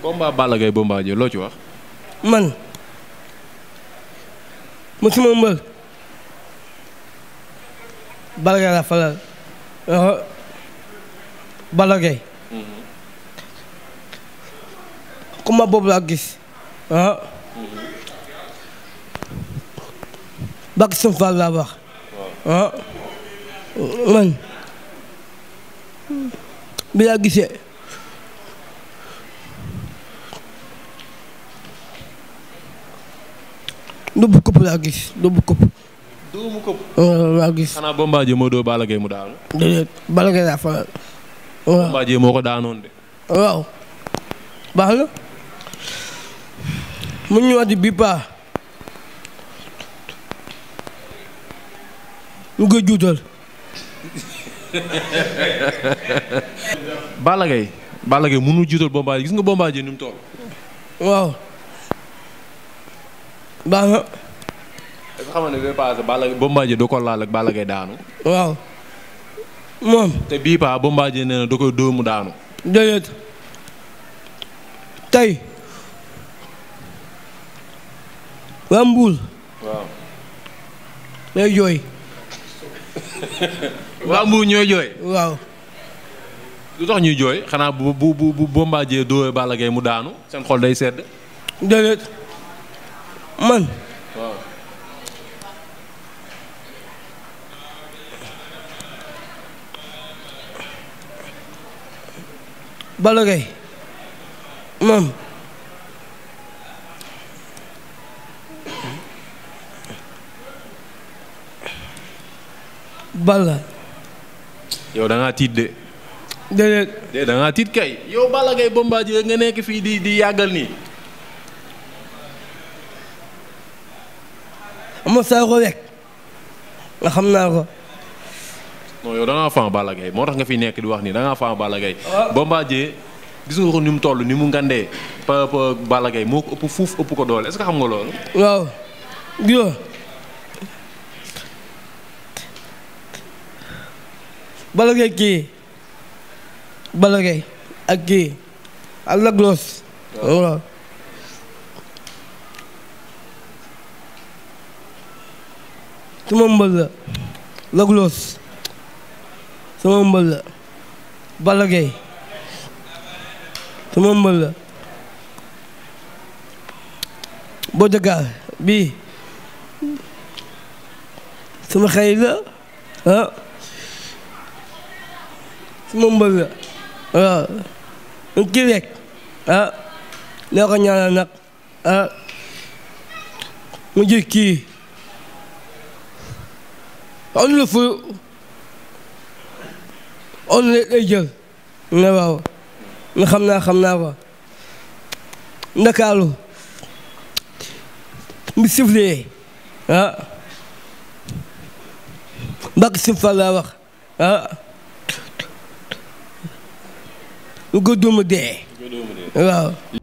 combat Balla Gaye Bombardier loo ci wax. man mu suma mbër la falal Balla Gaye mhm. combat boobu laa gis ah. Mhm. Bakk Sën Fall man bi laa gisee. ndóobu këpp laa gis ndóobu këpp. dóomu gis. xanaa Bombardier moo doo Balla Gaye mu daanu. déedéet Balla Gaye laa faral. waaw moo ko daanoon de. waaw. baax mu ñu ñëwaat bi paa. ñu koy juutal. Balla Gaye. Balla Gaye gis nga Bombardier ni mu waaw. baax na. est-ce que xam nga ne du ko laal ak Balla Gaye daanu. waaw moom. te bii paa Bombardier nee na da koy dóomu daanu. déedéet tey waa Mbuur. waaw. ñooy jooy. waa Mbuur ñooy jooy. waaw. lu tax ñuy jooy xanaa bu bu bu Bombardier dóowee Balla Gaye mu daanu seen xol day sedd. déedéet. man. waaw. Balla Gaye man. Balla. yow da ngaa tiit de. déedéet. de da tiit kay. yow Balla Gaye Bombardier nga nekk fii di di yàggal nii. ma saako wekk nga xam naa ko. non yow da ngaa fan moo tax nga fi nekk di wax nii da ngaa fan Balla Gaye. gis nga ko ni mu toll ni mu ngandee pa pa moo ëpp fuuf ëpp ko doole est-ce xam nga loolu. waaw joo. Balla kii Balla ak kii ak Lac waaw. sama mbër la Lac Rose sama mbër la Balla Gaye sama mbër la Bodacar bii sama xarit la ah sama mbër la ah. ah. ah. kii on le feu on le day jël ne xam naa xam naa wa ndakaalu bi siflee ah mbàkk sim fa laa wax ah lu ko dóomu dee waaw